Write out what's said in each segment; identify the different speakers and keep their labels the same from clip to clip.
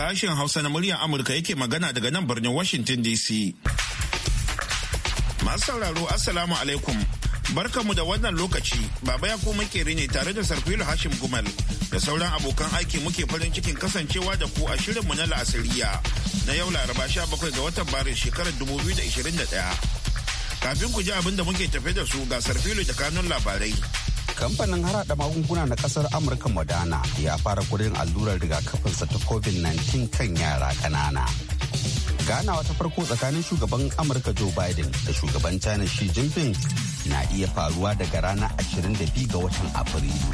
Speaker 1: Sashen Hausa na muryar Amurka yake magana daga nan birnin Washington DC. Masu sauraro Assalamu alaikum. mu da wannan lokaci, Baba ya kuma kere ne tare da Sarfilu Hashim Gumal da sauran abokan aiki muke farin cikin kasancewa da ku a shirin mu na lasiriya na yau Laraba 17 ga watan Maris shekarar 2021. Kafin ku ji abin da muke tafe da su ga sarfilo da kanun labarai. kamfanin
Speaker 2: harada magunguna na kasar amurka modana ya fara kudin allurar rigakafinsa ta covid-19 kan yara ƙanana. ganawa ta farko tsakanin shugaban amurka joe biden da shugaban china xi jinping na iya faruwa daga ranar 22 ga watan afrilu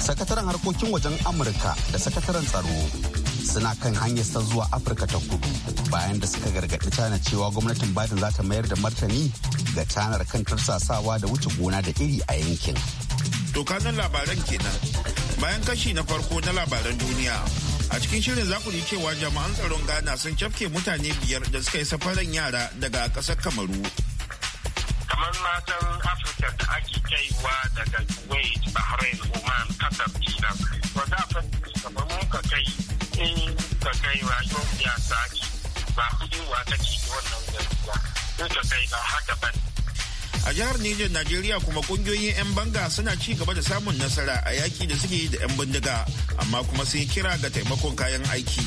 Speaker 2: sakataren harkokin wajen amurka da sakataren tsaro suna kan hanyar sa zuwa afirka ta kudu bayan da suka gargaɗi china cewa gwamnatin biden za ta mayar da martani ga tanar kan tarsasawa da wuce gona da iri a yankin
Speaker 1: to kanin labaran kenan bayan kashi na farko na labaran duniya a cikin shirin za ku ji cewa jami'an tsaron ghana sun cafke mutane biyar da suka yi safaran yara daga kasar kamaru
Speaker 3: kamar matan afirka da ake kaiwa daga kuwait bahrain oman qatar china ba za a kamar kai in ka kai wa yau ya saki ba kudin wa kake
Speaker 1: wannan gaskiya in ka kai ba haka ba a jihar Nijar Najeriya kuma kungiyoyin 'yan banga suna ci gaba da samun nasara a yaki da suke yi da 'yan bindiga amma kuma sun kira ga taimakon kayan aiki.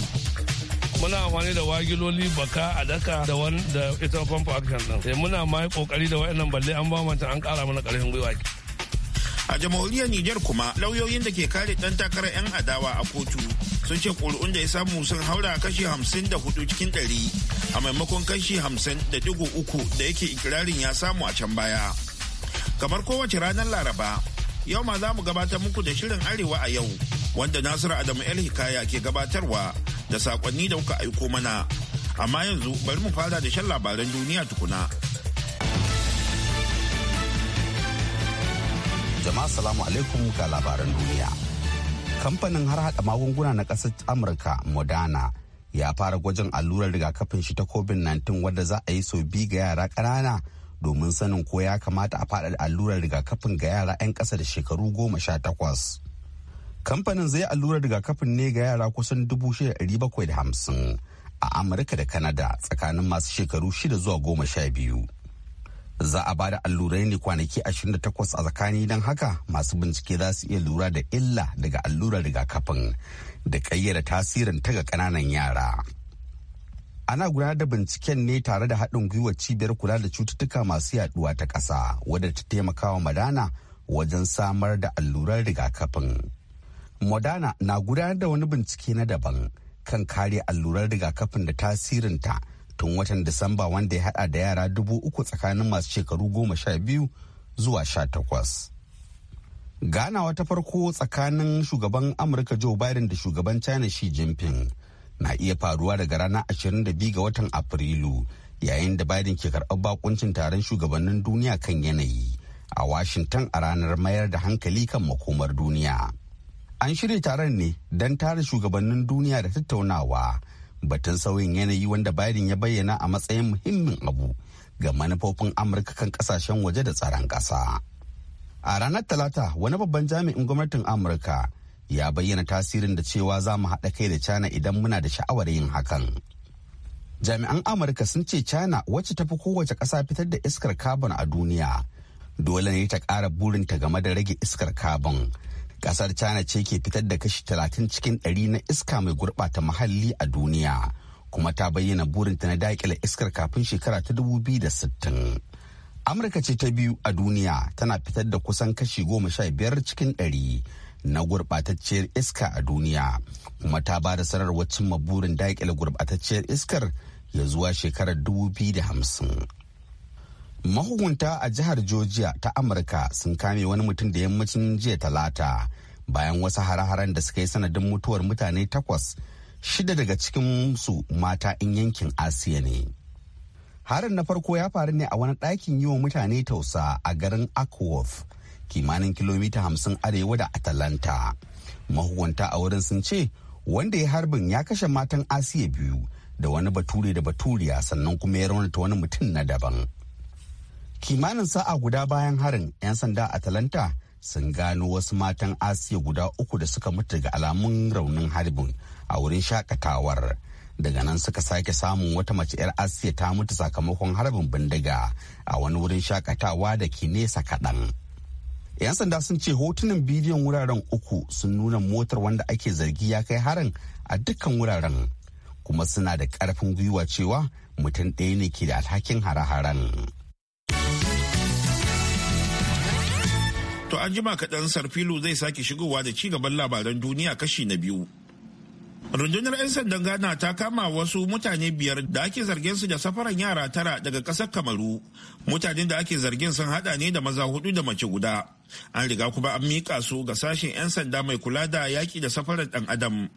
Speaker 1: muna amfani da wagiloli baka a daka da wani da ita famfa action din eh, muna ma kokari da wayannan balle an bamanta an kara mana karfin gwiwa a jamhuriyar niger kuma lauyoyin da ke kare dan takarar 'yan adawa a kotu sun ce ƙuri'un da ya samu sun haura kashi hamsin da hudu cikin ɗari a maimakon kashi hamsin da digo uku da yake ikirarin ya samu a can baya kamar kowace ranar laraba yau ma za mu gabatar muku da shirin arewa a yau wanda nasiru adamu el hikaya ke gabatarwa da sakonni da kuka aiko mana amma yanzu bari mu fara da shan labaran duniya tukuna. Jama'a salamu alaikum ga labaran duniya.
Speaker 2: Kamfanin har hada magunguna na ƙasar Amurka Moderna ya fara gwajin allurar rigakafin shi ta COVID-19 wadda za a yi sau biyu ga yara ƙanana domin sanin ko ya kamata a faɗa allurar rigakafin ga yara 'yan ƙasa da shekaru goma sha takwas. Kamfanin zai allurar rigakafin ne ga yara kusan dubu shida bakwai da hamsin a Amurka da Kanada tsakanin masu shekaru shida zuwa goma sha biyu. za a bada allurai ne kwanaki 28 a tsakani don haka masu bincike za su iya lura da illa daga allurar rigakafin da kayyada tasirin ta ga ƙananan yara ana gudanar da binciken ne tare da haɗin gwiwar cibiyar kula da cututtuka masu yaɗuwa ta ƙasa wadda ta taimaka wa madana wajen samar da allurar rigakafin modana na gudanar da wani bincike na daban kan kare allurar rigakafin da tasirinta tun watan Disamba wanda ya hada da yara dubu uku tsakanin masu shekaru goma sha biyu zuwa sha takwas. Ganawa ta farko tsakanin shugaban Amurka Joe Biden da shugaban China Xi Jinping na iya faruwa daga ranar 22 ga watan Afrilu yayin da Biden ke karɓar bakuncin taron shugabannin duniya kan yanayi a Washington a ranar mayar da hankali kan makomar duniya. An shirya taron ne don tara shugabannin duniya da tattaunawa batun sauyin yanayi wanda Biden ya bayyana a matsayin muhimmin abu ga manufofin Amurka kan kasashen waje da tsaron ƙasa. A ranar Talata wani babban jami'in gwamnatin Amurka ya bayyana tasirin da cewa za mu haɗa kai da China idan muna da sha'awar yin hakan. Jami'an Amurka sun ce China wacce ta fi kowace ƙasa fitar da iskar carbon a duniya dole ne ta ƙara burinta game da rage iskar carbon kasar china ce ke fitar da kashi talatin cikin 100 na iska mai gurɓata muhalli a duniya kuma ta bayyana burinta na daƙile iskar kafin shekara ta sittin amurka ce ta biyu a duniya tana fitar da kusan kashi goma sha biyar cikin 100 na gurbatacciyar iska a duniya kuma ta ba da sanarwar cimma burin daƙile gurbatacciyar iskar ya zuwa shekarar hamsin. mahukunta a jihar georgia ta amurka sun kame wani mutum da yammacin jiya talata bayan wasu hare-haren da suka yi sanadin mutuwar mutane takwas shida daga cikin su mata in yankin asiya ne harin na farko ya faru ne a wani ɗakin yi wa mutane tausa a garin Akwof, kimanin kilomita hamsin arewa da atalanta mahukunta a wurin sun ce wanda ya harbin ya kashe matan asiya biyu da wani bature da baturiya sannan kuma ya raunata wani mutum na daban kimanin sa'a guda bayan harin 'yan sanda atalanta sun gano wasu matan asiya guda uku da suka mutu ga alamun raunin harbin a wurin shakatawar daga nan suka sake samun wata mace 'yar asiya ta mutu sakamakon harbin bindiga a wani wurin shakatawa da ke nesa kaɗan 'yan sanda sun ce hotunan bidiyon wuraren uku sun nuna motar wanda ake zargi ya kai harin a dukkan wuraren kuma suna da karfin gwiwa cewa mutum ɗaya ne ke da alhakin hare-haren
Speaker 1: To an jima kaɗan Sarfilu zai sake shigowa da ci gaban labaran duniya kashi na biyu. Rundunar 'yan sandan Ghana ta kama wasu mutane biyar da ake zargin su da safaran yara tara daga ƙasar Kamaru. mutane da ake zargin sun haɗa ne da maza hudu da mace guda. An riga kuma an miƙa su ga sashen 'yan sanda mai kula da yaƙi da safaran ɗan adam.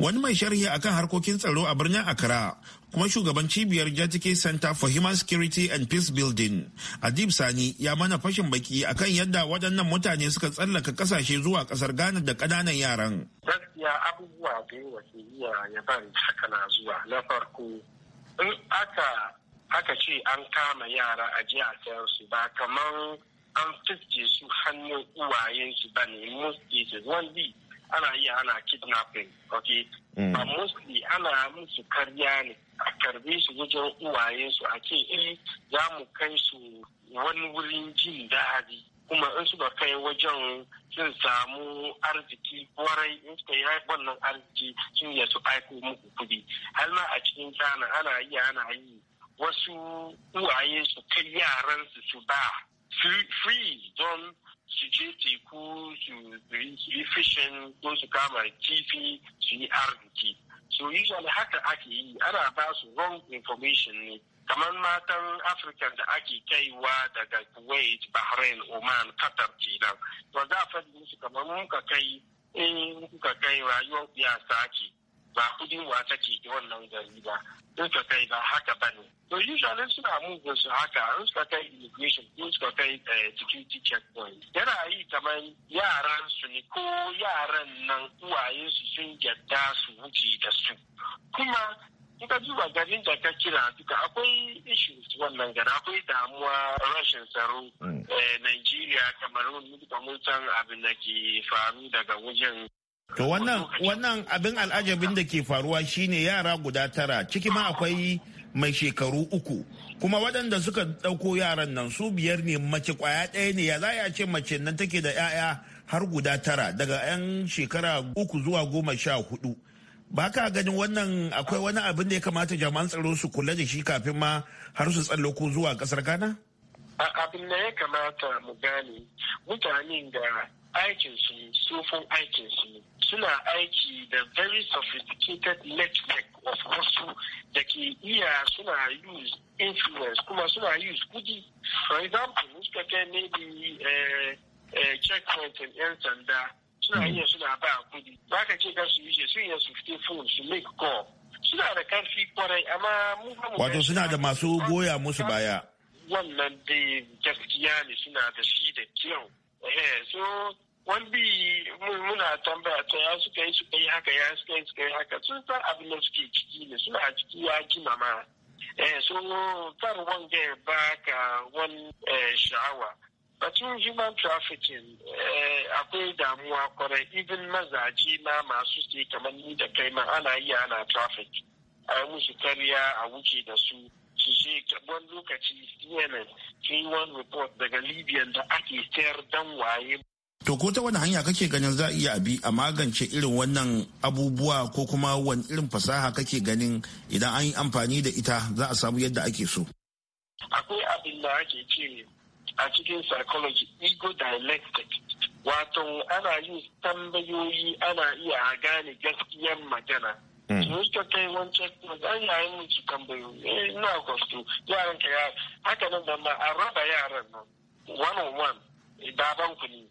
Speaker 1: Wani mai sharhi akan harkokin tsaro a birnin Accra, kuma shugaban cibiyar JTK center for human security and peace building adib sani ya mana fashin baki akan yadda waɗannan mutane suka tsallaka kasashe zuwa ƙasar ghana da ƙananan yaran
Speaker 3: gaskiya abubuwa da yawa ke iya ya bari haka na zuwa na farko in aka aka ce an kama yara a jiya su ba kamar an fiske su hannun uwayensu ba ne musu wani ana iya ana kidnapping ok
Speaker 1: mm. ba musu
Speaker 3: ana musu karya ne a karbe su wajen uwaye su a ce eh za mu kai su wani wurin jin daɗi kuma in suka kai wajen sun samu arziki warai in suka yi wannan arziki sun yi su aiko muku kudi har ma a cikin kana ana yi ana yi wasu uwaye su kai yaran su su ba free don su je teku su yi fishing ko su kama kifi su yi arziki so usually haka ake yi ana ba su wrong information ne kamar matan afirka da ake kaiwa daga kuwait bahrain oman qatar kenan to za a faɗi musu kamar muka kai in kuka kai rayuwar biya sake ba kudin wata ke da wannan gari ba in ka kai ba haka ba ne to usually suna mugun su haka in suka kai immigration in suka kai eh, security checkpoint yana yi kamar yaran su ne ko yaran nan uwayen su sun gyadda su wuce da su kuma in ka duba garin da ka kira duka akwai issues wannan gari akwai damuwa rashin tsaro mm. eh,
Speaker 1: Nigeria kamar wani mutan san abin da ke faru daga wajen To wannan wannan abin al'ajabin da ke faruwa shine yara guda tara ciki ma akwai mai shekaru uku kuma waɗanda suka ɗauko yaran nan su biyar ne mace kwaya ɗaya ne ya za a ce mace nan take da 'ya'ya har guda tara daga 'yan shekara uku zuwa goma sha hudu ba ka ganin wannan akwai wani abin da ya kamata jami'an tsaro su kula da shi kafin ma har su ko zuwa ƙasar ghana
Speaker 3: abin da ya kamata mu gane mutanen da aikinsu sufin aikinsu suna aiki da very sophisticated network of wasu da ke iya suna use influence kuma suna use kudi for example suka kai maybe checkpoint yan sanda suna iya suna ba kudi ba ka ce kan su
Speaker 1: yi su iya su fite phone su make call suna da karfi kwarai amma mu wato suna da masu goya musu baya
Speaker 3: wannan dai gaskiya ne suna da shi da kyau eh, so wani bi muna tambaya ta ya suka yi suka yi haka ya suka yi suka yi haka sun san abin da suke ciki ne suna a ciki ya kima ma eh so kar wanda ya ka wani eh, sha'awa batun human trafficking eh, akwai damuwa kwarai even mazaje ma masu suke kamar ni da kai ma ana yi ana traffic a yi musu karya a wuce da su su ce wani lokaci cnn sun yi wani report daga libyan da ake sayar dan
Speaker 1: waye To ko ta wani hanya kake ganin za iya bi a magance irin wannan abubuwa ko kuma wani irin fasaha kake ganin idan an yi amfani da ita za a samu yadda ake so?
Speaker 3: Akwai abin da ake ce a cikin psychology ego dialectic wato ana yi tambayoyi ana iya a gane gaskiyar magana. Mun hmm. ka kai wancan an yayin mu su tambayoyi eh, ina kwasto yaran ka haka nan da ma a raba yaran nan one on one daban ku ne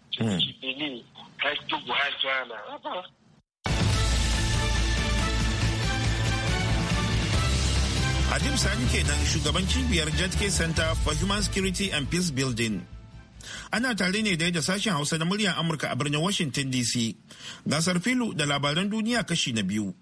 Speaker 1: Mm. Adim Sani kenan shugaban cibiyar Jetke Center for Human Security and Peace Building. Ana tare ne dai da sashen Hausa na muryar Amurka a birnin Washington DC. Gasar filu da labaran duniya kashi na biyu.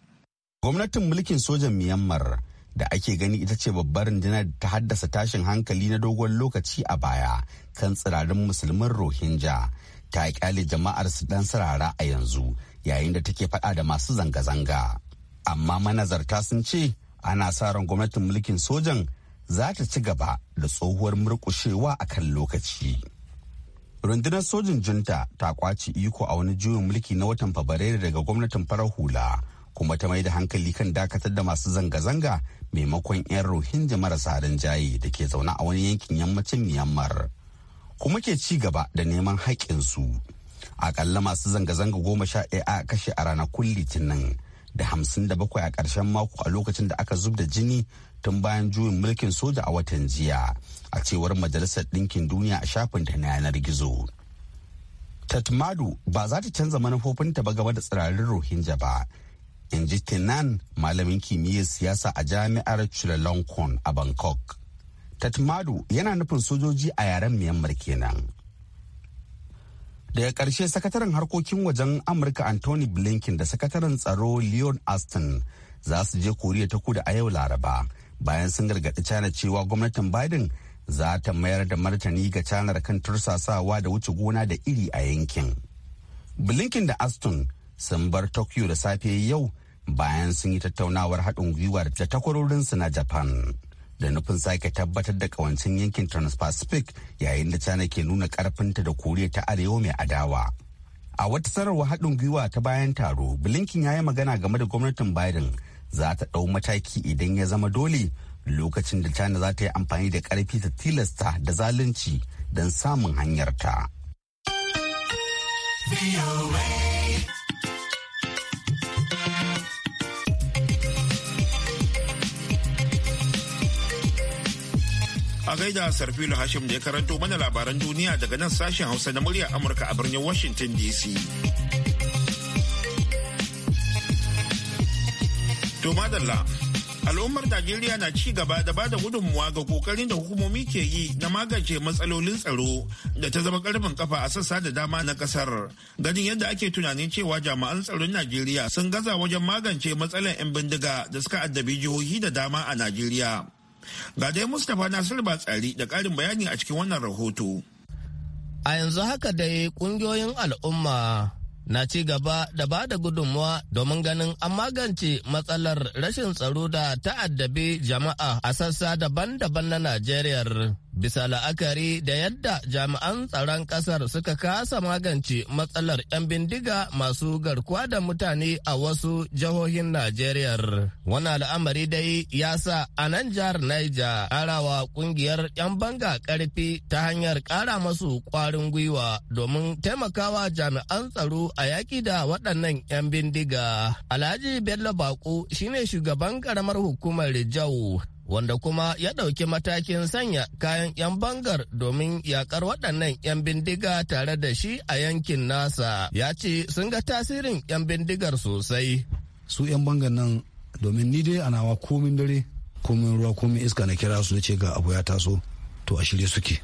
Speaker 2: Gwamnatin mulkin sojan Myanmar da ake gani ita ce babbar rundunar da ta haddasa tashin hankali na dogon lokaci a baya kan tsirarin musulmin Rohingya ta kyale jama'ar su dan sarara a yanzu yayin da take faɗa da masu zanga-zanga amma manazarta sun ce ana sa ran gwamnatin mulkin sojan za ta ci gaba da tsohuwar murkushewa a kan lokaci rundunar sojin junta ta kwaci iko a wani juyin mulki na watan fabrairu daga gwamnatin farar hula kuma ta mai da hankali kan dakatar da masu zanga-zanga maimakon 'yan rohingya marasa rinjaye da ke zaune a wani yankin yammacin myanmar kuma ke ci gaba da neman haƙƙinsu. Akalla masu zanga-zanga goma sha ɗaya a kashe a ranakun litinin da hamsin da bakwai a ƙarshen mako a lokacin da aka zub da jini tun bayan juyin mulkin soja a watan jiya a cewar majalisar ɗinkin duniya a shafin ta na yanar gizo. Tatmadu ba za ta canza manufofinta ba game da tsirarin Rohingya ba. In ji Tinan malamin kimiyyar siyasa a jami'ar Chulalongkorn a Bangkok. tatmadu yana nufin sojoji a yaren myanmar kenan daga ƙarshe sakataren harkokin wajen amurka anthony blinken da sakataren tsaro leon aston za su je koriya ta kudu a yau laraba bayan sun gargaɗi china cewa gwamnatin biden za ta mayar da martani ga canar kan tursasawa da wuce gona da iri a yankin. Blinken da Aston sun bar Tokyo da safe yau bayan sun yi tattaunawar haɗin gwiwar da takwarorinsu na Japan. da nufin sake tabbatar da kawancin yankin trans yayin da china ke nuna karfinta da koriya ta arewa mai adawa a wata sanarwar haɗin gwiwa ta bayan taro blinken ya yi magana game da gwamnatin biden za ta ɗau mataki idan ya zama dole lokacin da china za ta yi amfani da ƙarfi ta tilasta da zalunci don samun hanyarta. ta.
Speaker 1: A gaida sarfilo Hashim da ya karanto mana labaran duniya daga nan sashen Hausa na murya Amurka a birnin Washington DC. To madalla, al'ummar Najeriya na ci gaba da bada gudunmuwa ga kokarin da hukumomi ke yi na magance matsalolin tsaro da ta zama karfin kafa a sassa da dama na kasar. Ganin yadda ake tunanin cewa jami'an tsaron Najeriya sun gaza wajen magance matsalar 'yan bindiga da suka addabi jihohi da dama a Najeriya. Ga dai Mustapha Nasiru tsari da ƙarin bayani a cikin wannan rahoto.
Speaker 4: A yanzu haka dai ƙungiyoyin al'umma na ci gaba da ba da gudunmuwa domin ganin an magance matsalar rashin tsaro da ta'addabi jama'a a sassa daban-daban na Najeriya. bisa la'akari da yadda jami'an tsaron ƙasar suka kasa magance matsalar 'yan bindiga masu garkuwa da mutane a wasu jihohin Najeriya. Wannan al'amari dai ya sa a nan jihar Niger arawa ƙungiyar 'yan banga ƙarfi ta hanyar ƙara masu ƙwarin gwiwa domin taimakawa jami'an tsaro a yaƙi da waɗannan 'yan bindiga. Alhaji Bello baƙo shine shugaban karamar hukumar Jau. wanda kuma ya ɗauki matakin sanya kayan 'yan bangar domin yakar waɗannan 'yan bindiga tare da shi a yankin nasa ya ce sun ga tasirin 'yan bindigar sosai
Speaker 2: su 'yan bangar nan domin ni dai a nawa komin dare komin ruwa komin iska na kira su ce ga abu ya taso to a shirye suke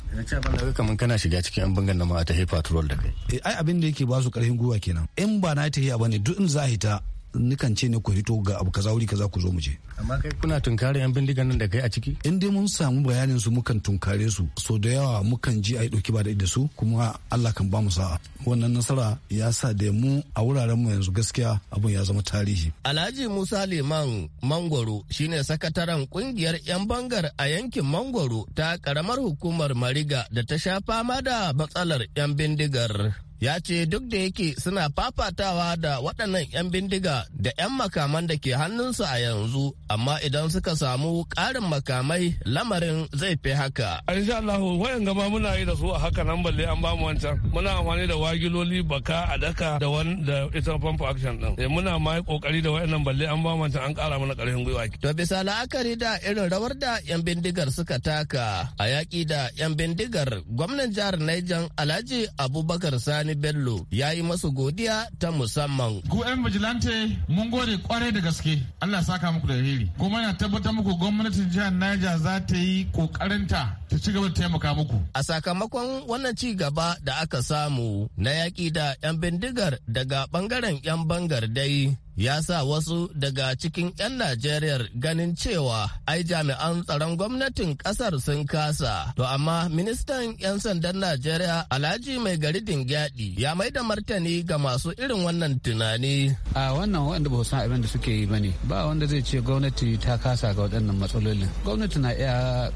Speaker 4: kamar kana shiga cikin 'yan bangar nan ma ta haifa da kai
Speaker 2: eh, ai abin da yake ba su ƙarfin gwiwa kenan in ba na ta yi ba ne duk in za hita nukan ce ne ku hito ga abu kaza wuri kaza ku zo mu je
Speaker 4: amma kai kuna tunkare yan bindigan nan da kai a ciki in dai mun samu bayanin
Speaker 2: su mukan tunkare su so da yawa mukan ji yi dauki ba da su kuma Allah kan ba mu sa'a wannan nasara ya sa da mu a wuraren mu yanzu gaskiya abun ya zama tarihi
Speaker 4: Alhaji Musa Liman Mangoro shine sakataren kungiyar yan bangar a yankin Mangoro ta karamar hukumar Mariga da ta sha fama da matsalar yan bindigar ya ce duk da yake suna fafatawa da waɗannan 'yan bindiga da 'yan makaman da ke hannunsu a yanzu amma idan suka samu ƙarin makamai lamarin zai fi haka.
Speaker 1: insha Allah wayan gama muna yi da su a haka nan balle an bamu wancan muna amfani da wagiloli baka a daka da wani da ita pump action din eh, muna ma kokari da nan balle an bamu wancan an ƙara mana ƙarfin gwiwa.
Speaker 4: to bisa la'akari da irin rawar da 'yan bindigar suka taka a yaƙi da 'yan bindigar gwamnan jihar Niger Alhaji Abubakar Sani Sani Bello ya yi masu godiya ta musamman.
Speaker 5: Ku 'yan vigilante mun gode kwarai da gaske Allah saka muku da riri. Kuma na tabbatar muku gwamnatin jihar Niger za ta yi
Speaker 1: kokarinta ta ci gaba da taimaka muku. A
Speaker 4: sakamakon wannan ci gaba da aka samu na yaƙi da 'yan bindigar daga ɓangaren 'yan bangar dai ya sa wasu daga cikin 'yan Najeriya ganin cewa ai jami'an tsaron gwamnatin kasar sun kasa. To amma ministan 'yan sandan Najeriya Alhaji Mai Gari Dingyadi ya mai
Speaker 6: da martani ga masu irin wannan tunani. A wannan waɗanda ba san abin da suke yi ne ba wanda zai ce gwamnati ta kasa ga waɗannan matsalolin. Gwamnati na iya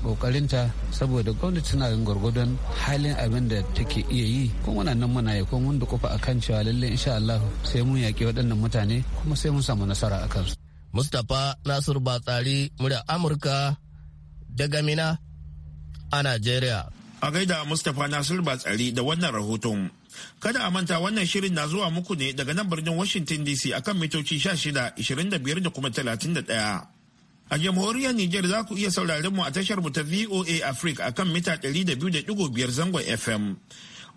Speaker 6: ta saboda gwamnati na yin gwargwadon halin abin da take iya yi kuma nan muna yi kuma wanda kofa akan cewa lallai insha Allah sai mun yaƙi waɗannan mutane kuma sai mun samu nasara a kansu.
Speaker 4: Mustapha Nasir Batsari murya Amurka daga Mina
Speaker 1: a Najeriya. A gaida Mustapha Nasir Batsari da wannan rahoton. Kada a manta wannan shirin na zuwa muku ne daga nan birnin Washington DC akan mitoci 16, 25 da kuma 31. A jamhuriyar Nijar za ku iya sauraren mu a tashar mu ta VOA Africa akan mita 200.5 zangon FM.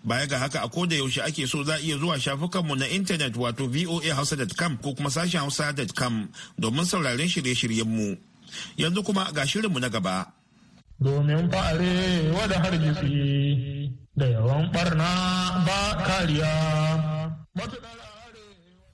Speaker 1: Baya ga haka a koda yaushe ake so za iya zuwa shafukanmu na intanet wato voahausa.com ko kuma sashen hausa.com domin sauraren shirye-shiryenmu. Yanzu kuma ga shirinmu na gaba. Domin fa'are wada hargitsi da yawan barna ba kariya.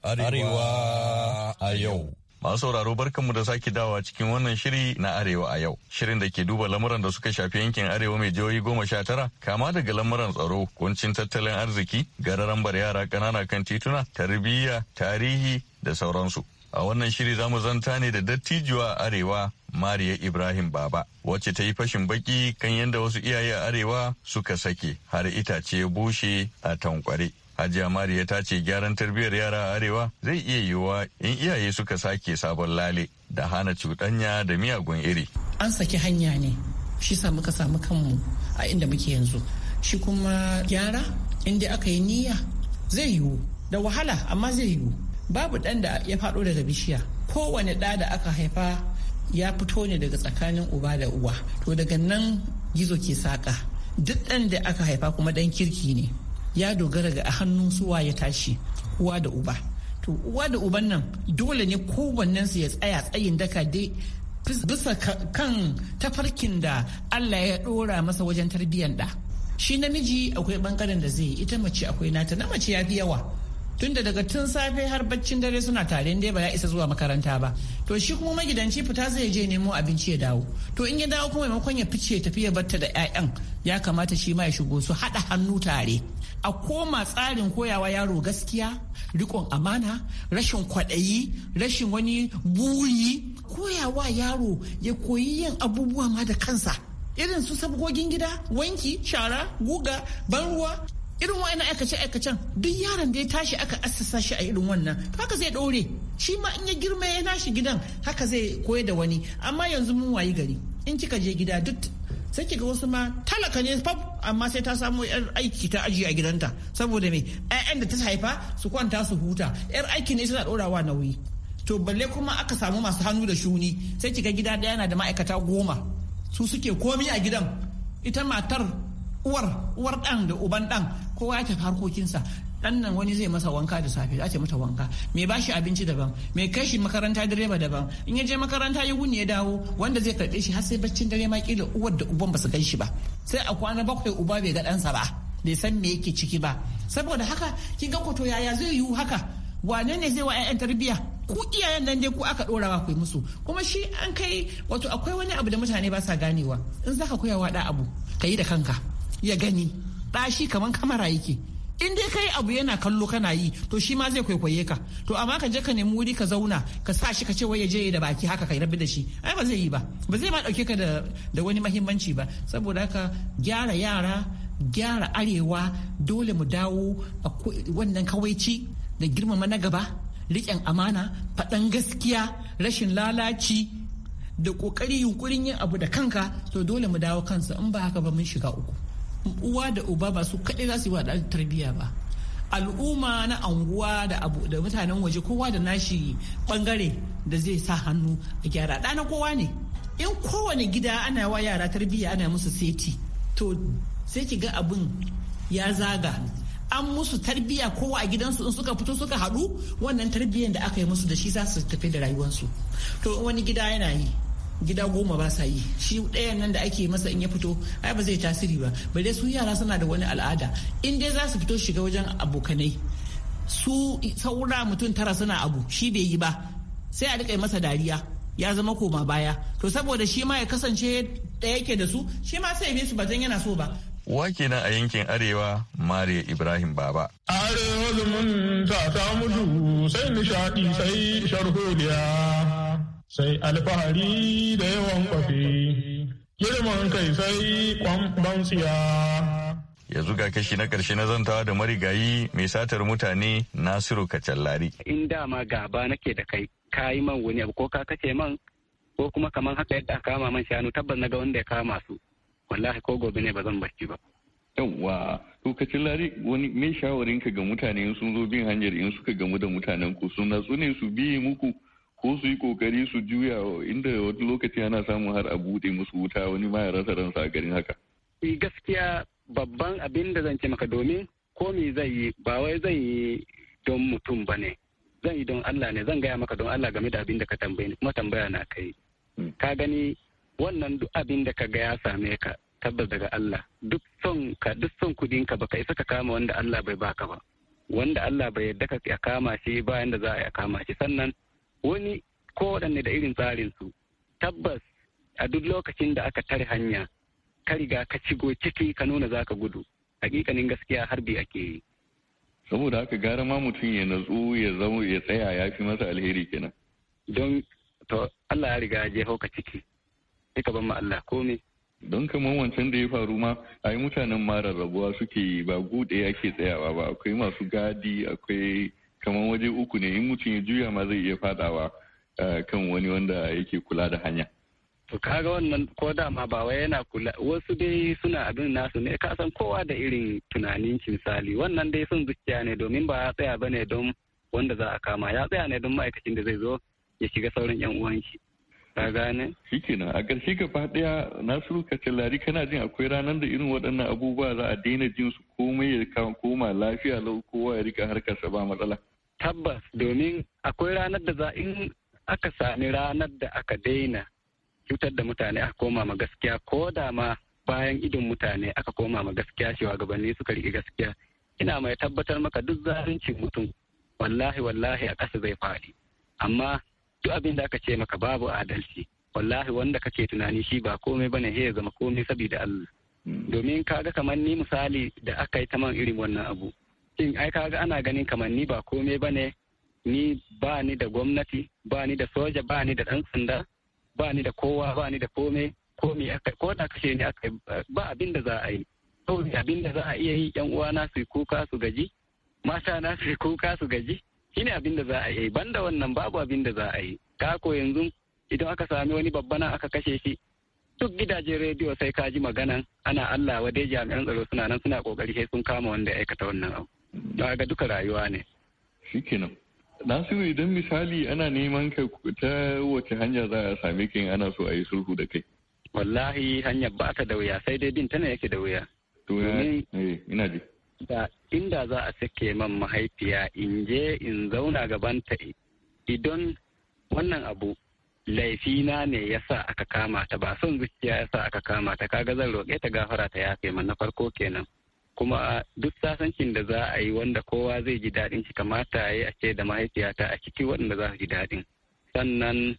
Speaker 7: Arewa a yau. Masu sauraro barkanmu da sake dawa cikin wannan shiri na Arewa a yau. Shirin da ke duba lamuran da suka shafi yankin Arewa mai jihohi goma sha tara kama daga lamuran tsaro, kuncin tattalin arziki, gararan bar yara ƙanana kan tituna, tarbiyya, tarihi da sauransu. A wannan shiri za mu zanta ne da dattijuwa a Arewa Mariya Ibrahim Baba, wacce ta yi fashin baki kan yadda wasu iyaye a Arewa suka sake har itace bushe a tankware. Hajiya Mariya ta ce gyaran tarbiyyar yara a Arewa zai iya yiwuwa in iyaye suka sake sabon lale da hana cuɗanya da miyagun iri.
Speaker 5: An saki hanya ne, shi sa muka samu kanmu a inda muke yanzu. Shi kuma gyara inda aka yi niyya zai yiwu da wahala amma zai yiwu. Babu ɗan da ya faɗo daga bishiya. Kowane ɗa da aka haifa ya fito ne daga tsakanin uba da uwa. To daga nan gizo ke saƙa. Duk ɗan da aka haifa kuma ɗan kirki ne. ya dogara ga hannun suwa ya tashi uwa da uba to uwa da uban nan dole ne kowannen su ya tsaya tsayin daka dai bisa kan tafarkin da Allah ya dora masa wajen tarbiyyar da shi namiji akwai bangaren da zai ita mace akwai nata na mace ya fi yawa tunda daga tun safe har baccin dare suna tare dai ba ya isa zuwa makaranta ba to shi kuma magidanci fita zai je nemo abinci ya dawo to in ya dawo kuma maimakon ya fice tafiya ya batta da 'ya'yan ya kamata shi ma ya shigo su haɗa hannu tare a koma tsarin koyawa yaro gaskiya rikon amana rashin kwaɗayi rashin wani buri koyawa yaro ya koyi yin abubuwa ma da kansa irin su sabgogin gida wanki shara guga ban ruwa irin wa'annan aikace-aikacen duk yaron da ya tashi aka assasa shi a irin wannan haka zai ɗore shi ma in ya girma ya nashi gidan haka zai koyar da wani amma yanzu mun wayi gari in kika je gida duk sai ga wasu ma talaka ne fab amma sai ta samu yar aiki ta ajiye a gidanta saboda me ƴaƴan da ta haifa su kwanta su huta yar aiki ne tana ɗorawa nauyi to balle kuma aka samu masu hannu da shuni sai kiga gida ɗaya na da ma'aikata goma su suke komi a gidan ita matar uwar uwar ɗan da uban ɗan kowa ya tafi harkokinsa dan nan wani zai masa wanka da safe za mata wanka mai shi abinci daban mai kai shi makaranta direba daban in ya je makaranta ya wuni ya dawo wanda zai karɓe shi har sai baccin dare ma kila uwar da uban ba su gan shi ba sai a kwana bakwai uba bai ga ɗansa ba bai san me yake ciki ba saboda haka ki ga to yaya zai yiwu haka wane ne zai wa 'ya'yan tarbiyya ku iyayen nan dai ku aka dorawa ku musu kuma shi an kai wato akwai wani abu da mutane ba sa ganewa in zaka koyawa da abu ka da kanka ya gani ɗashi kamar kaman kamara yake in dai kai abu yana kallo kana yi to shi ma zai kwaikwaye ka to amma ka je ka nemi wuri ka zauna ka sa shi ka ce wai ya je da baki haka kai rabu da shi ai ba zai yi ba ba zai ma dauke ka da wani mahimmanci ba saboda haka gyara yara gyara arewa dole mu dawo wannan kawaici da girmama na gaba riƙen amana faɗan gaskiya rashin lalaci da ƙoƙari yunkurin yin abu da kanka to dole mu dawo kansa in ba haka ba mun shiga uku uwa da uba ba su kaɗai za su yi wa da tarbiyya ba al'umma na anguwa da abu da mutanen waje kowa da nashi bangare da zai sa hannu a gyara ɗana kowa ne in kowane gida ana wa yara tarbiyya ana musu seti to sai ki ga abin ya zaga an musu tarbiyya kowa a gidansu in suka fito suka haɗu wannan tarbiyyar da aka yi musu da shi za su tafi da rayuwarsu to wani gida yana yi gida goma ba sa yi shi ɗayan nan da ake masa in ya fito ai ba zai tasiri ba bare su yara suna da wani al'ada in dai za su fito shiga wajen abokanai su saura mutum tara suna abu shi bai yi ba sai a riƙa masa dariya ya zama koma baya to saboda shi ma ya kasance ɗaya yake da su shi ma sai bi su batun yana so ba
Speaker 7: wa kenan a yankin arewa mariya ibrahim baba
Speaker 5: arewa zumunta ta mutu sai nishaɗi sai sharholiya
Speaker 3: sai alfahari da yawan kwafi girman kai sai
Speaker 7: kwamban tsiya. yanzu ga kashi na karshe na zantawa da marigayi mai satar mutane nasiru kacallari.
Speaker 6: in dama gaba nake da kai ka yi man wani abu ko ka kace man ko kuma kamar haka yadda aka kama man shanu tabbas na ga wanda ya kama su wallahi ko gobe ne ba zan barci ba. yawwa
Speaker 7: to kacallari wani me shawarinka ga mutane sun zo bin hanyar in suka gamu da mutanen ku sun natsu ne su biye muku ko su yi kokari su juya inda wani lokaci ana samu har a bude musu wuta wani ma ya rasa ransa a garin haka.
Speaker 6: Eh, gaskiya babban abin da zan ce maka domin ko me zai yi ba wai zan yi don mutum ba ne zan yi don Allah ne zan gaya maka don Allah game da abin da ka tambaye kuma tambaya na kai hmm. ka gani wannan duk abin da ka ga ya same ka tabbas daga Allah duk son ka duk son kudin ka baka isa ka kama wanda Allah bai baka ba wanda Allah bai yadda ka kama shi bayan da za a kama shi sannan wani ko waɗanne da irin tsarinsu tabbas a duk lokacin da aka tare hanya ka riga ka cigo ciki ka nuna za ka gudu hakikanin gaskiya harbi ake yi
Speaker 7: saboda haka gara ma mutum ya natsu ya zama ya tsaya ya fi masa alheri kenan don to Allah ya riga ya hauka ciki sai ka ma Allah komai don kamar wancan da ya faru ma ai mutanen mara rabuwa suke yi ba gude ake tsayawa ba akwai masu gadi akwai kamar waje uku ne in mutum ya juya ma zai iya fadawa eh,
Speaker 6: kan wani wanda yake kula da hanya. To kaga wannan ko dama ba wai yana kula wasu dai suna abin nasu ne ka san kowa da irin tunanin kinsali wannan dai sun zuciya ne domin ba ya tsaya bane don wanda za a kama ya tsaya ne don ma'aikacin da zai zo ya shiga sauran yan uwan shi.
Speaker 7: Ka gane? Shikenan a ƙarshe ka faɗiya Nasiru Kacallari kana jin akwai ranar da irin waɗannan abubuwa za a daina jin su komai ya koma lafiya lau kowa
Speaker 6: ya rika harkarsa ba matsala. tabbas domin akwai ranar da za in aka sami ranar da aka daina cutar da mutane aka koma ma gaskiya ko da ma bayan idon mutane aka koma ma gaskiya cewa gabanni suka riƙe gaskiya ina mai tabbatar maka duk zaluncin mutum wallahi wallahi a ƙasa zai faɗi amma duk abin da aka ce maka babu adalci wallahi wanda kake tunani shi ba komai bane he ya zama komai saboda Allah hmm. domin kaga kamar ni misali da aka yi ta man irin wannan abu lokacin ai kaga ana ganin kamar ni ba komai ba ne ni ba ni da gwamnati ba ni da soja ba ni da ɗan sanda ba ni da kowa ba ni da komai komai aka ko da kashe ni aka ba abin da za a yi saboda abin da za a iya yi yan na su kuka su gaji mata na su kuka su gaji shine abin da za a yi banda wannan babu abin da za a yi ka ko yanzu idan aka sami wani babbana aka kashe shi duk gidajen rediyo sai ka ji maganan ana Allah wa dai jami'an tsaro suna nan suna kokari sai sun kama wanda ya aikata wannan abu ba ga duka rayuwa ne shikenan
Speaker 7: nasiru idan misali ana neman ka ta
Speaker 6: wace hanya za a same ka ana so a yi sulhu da kai wallahi hanyar ba ta da wuya sai dai bin tana yake da wuya eh, ina ji da inda za a sake man mahaifiya in je in zauna gabanta idan wannan abu laifi na ne ya sa aka kama ta ba son zuciya ya sa aka kama ta kaga zan roƙe ta gafara ta yafe man na farko kenan kuma duk sasancin da za a yi wanda kowa zai ji daɗin shi kamata ya yi a ce da mahaifiyata a ciki waɗanda za su ji daɗin sannan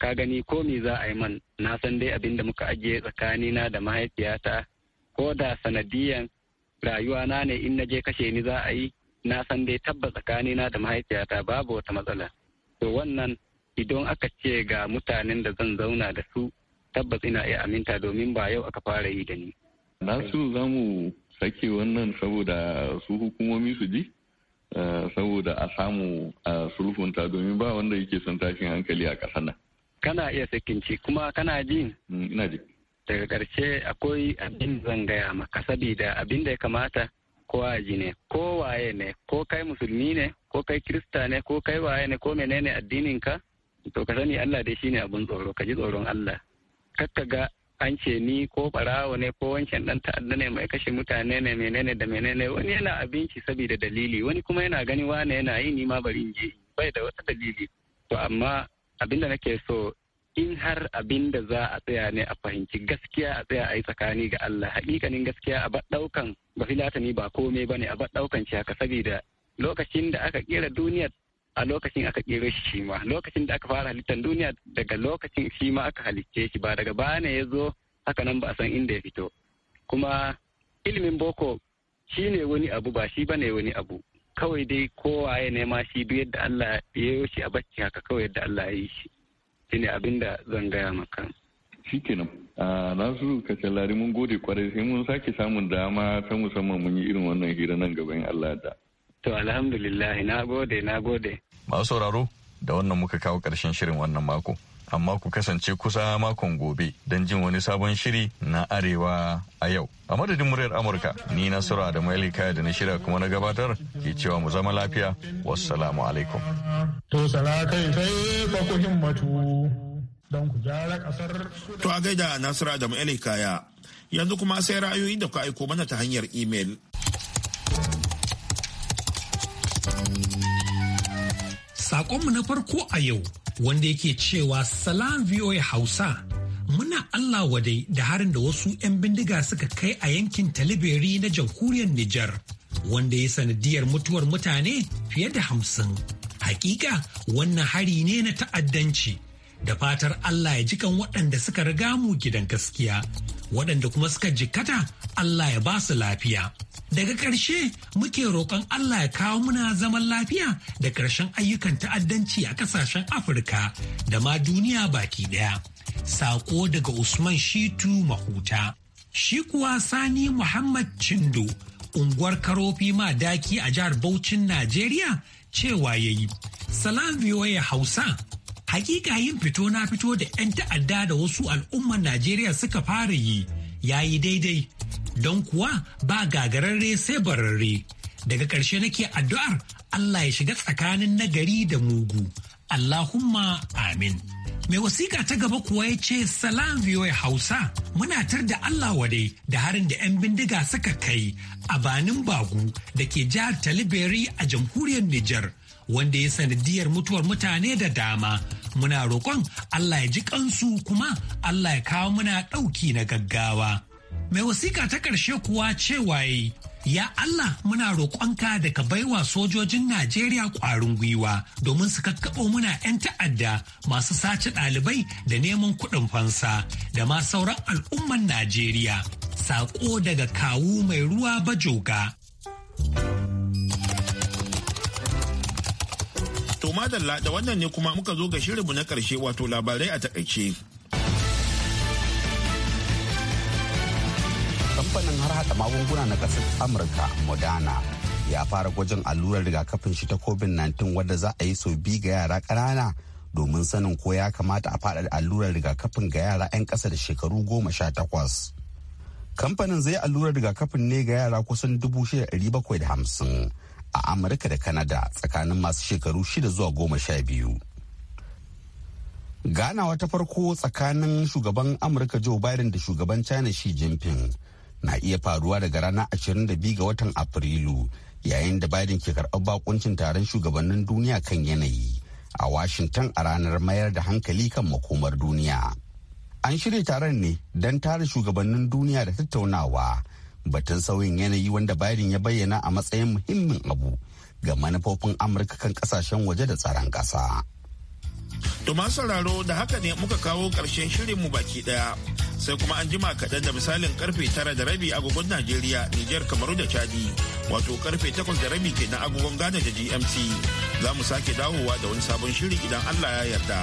Speaker 6: ka gani ko me za a yi man na san dai abin da muka ajiye tsakanina da mahaifiyata ko da sanadiyan rayuwa na ne in na je kashe ni za a yi na san dai tabba tsakanina da mahaifiyata babu wata matsala to wannan idan aka ce ga mutanen da zan zauna da su tabbas ina iya aminta domin ba yau aka fara yi da ni.
Speaker 7: Nasu za mu sake wannan saboda su hukumomi su ji eh, saboda a samu a eh, sulhunta domin ba wanda yake son tashin hankali a ƙasar
Speaker 6: nan. Kana iya sakinci kuma kana ji? Mm, ina ji. Daga ƙarshe akwai abin zan gaya maka sabida abin da ya kamata ko ji ne ko waye ne ko kai musulmi ne ko kai kirista ne ko kai waye ne ko menene addinin ka to ka sani Allah dai shine abin tsoro ka ji tsoron Allah kakka ga an ce ni ko barawo ne ko wancan dan ta'adda ne mai kashe mutane ne menene da menene wani yana abinci saboda dalili wani kuma yana gani wane yana yi ni ma bari in je bai da wata dalili to amma abin abinda nake so in har abin da za a tsaya ne a fahimci gaskiya a tsaya a yi tsakani ga Allah hakikanin gaskiya a ɗaukan ba filata ni ba komai bane a ɗaukan shi haka saboda lokacin da aka kera duniyar a lokacin aka kero shi shi ma lokacin da aka fara halittar duniya daga lokacin shi ma aka halicce shi ba daga ba ne ya zo haka nan ba a san inda ya fito kuma ilimin boko shi ne wani abu ba shi ba ne wani abu kawai dai kowa ya nema shi duk yadda Allah ya yi shi a bacci haka kawai yadda Allah ya yi shi shi ne abin da zan gaya maka.
Speaker 7: shi kenan a nasu kacallari mun gode kwarai sai mun sake samun dama ta musamman mun yi irin wannan hira nan gaban Allah da To
Speaker 6: alhamdulillah na gode na gode.
Speaker 7: Masu sauraro da wannan muka kawo ƙarshen shirin wannan mako. Amma ku kasance kusa makon gobe don jin wani sabon shiri na Arewa a yau. A madadin muryar Amurka, ni na sura da Malika da na shirya kuma na gabatar ke cewa mu
Speaker 1: zama lafiya. Wassalamu alaikum. To sala kai ba ku himmatu. don ku gyara kasar To a gaida Nasiru da Ele Kaya, yanzu kuma sai ra'ayoyi da ku aiko mana ta hanyar imel.
Speaker 8: Sakonmu na farko a yau wanda yake cewa Salam VOA Hausa muna Allah wadai da harin da wasu 'yan bindiga suka kai a yankin Taliberi na jamhuriyar Nijar wanda ya sanadiyar mutuwar mutane fiye da hamsin. Hakika wannan hari ne na ta'addanci da fatar Allah ya jikan waɗanda suka riga mu gidan gaskiya waɗanda kuma suka jikkata Allah ya ba su lafiya. Daga ƙarshe muke roƙon Allah ya kawo muna zaman lafiya da ƙarshen ayyukan ta'addanci a ƙasashen Afirka da ma duniya baki ɗaya. Saƙo daga Usman Shitu Mahuta. Shi kuwa Sani Muhammad Chindo, unguwar Karofi Madaki a jihar Bauchin Najeriya cewa ya yi. Salam ya Hausa. Hakika yin fito na fito da 'yan ta'adda da wasu al'umman Najeriya suka fara yi ya yi daidai don kuwa ba gagararre sai bararre. Daga ƙarshe nake addu'ar Allah ya shiga tsakanin nagari da mugu. Allahumma amin. Mai wasiƙa ta gaba kuwa ya ce salam VOA Hausa muna tar da Allah wadai da harin da 'yan bindiga suka kai a banin bagu da ke jihar Taliberi a jamhuriyar Nijar. wanda ya sanadiyar mutuwar mutane da dama muna roƙon Allah ya ji kansu kuma Allah ya kawo muna ɗauki na gaggawa. Mai wasiƙa ta ƙarshe kuwa cewa ya Allah muna roƙonka da ka baiwa sojojin Najeriya ƙwarin gwiwa domin su kakkaɓo muna 'yan ta'adda masu sace ɗalibai da neman kuɗin fansa da ma sauran al'umman Najeriya. Saƙo daga kawu mai ruwa bajoga.
Speaker 1: madalla da wannan ne kuma muka zo ga shirinmu na karshe wato labarai a takaice.
Speaker 2: Kamfanin har hada magunguna na ƙasar Amurka Moderna ya fara gwajin allurar rigakafin shi ta COVID-19 wadda za a yi sau biyu ga yara ƙanana domin sanin ko ya kamata a faɗa allurar rigakafin ga yara 'yan ƙasa da shekaru goma sha takwas. Kamfanin zai allurar rigakafin ne ga yara kusan dubu shida bakwai da hamsin. a amurka da kanada tsakanin masu shekaru shida zuwa goma sha biyu ganawa ta farko tsakanin shugaban amurka joe biden da shugaban china Xi jinping na iya faruwa daga ranar 22 ga watan afrilu yayin da biden ke karɓar bakuncin taron shugabannin duniya kan yanayi a washington a ranar mayar da hankali kan makomar duniya an shirya taron ne don tara shugabannin duniya da tattaunawa batun sauyin yanayi wanda biden ya bayyana a matsayin muhimmin abu ga manufofin amurka kan kasashen waje da tsaron ƙasa.
Speaker 1: Domin sauraro da haka ne muka kawo ƙarshen shirinmu baki daya. sai kuma an jima kaɗan da misalin karfe tara da rabi agogon Najeriya, Nijar, Kamaru da Chadi, wato karfe takwas da rabi ke na agogon Ghana da GMT. Za mu sake dawowa da wani sabon shiri idan Allah ya yarda.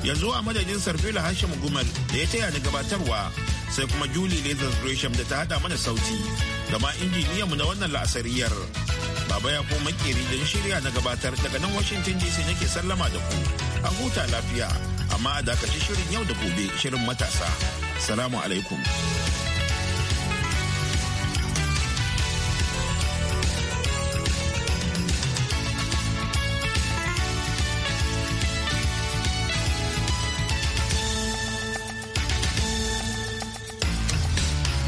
Speaker 1: Yanzu a madadin Sarfila Hashim Gumal da ya taya ni gabatarwa sai kuma Julie Lazarus Gresham da ta hada mana sauti gama ma injiniyanmu na wannan la'asariyar. Baba ya ko makeri don shirya na gabatar daga nan Washington DC nake sallama da ku. A huta lafiya, amma a dakaci shirin yau da gobe shirin matasa. Salamu alaikum.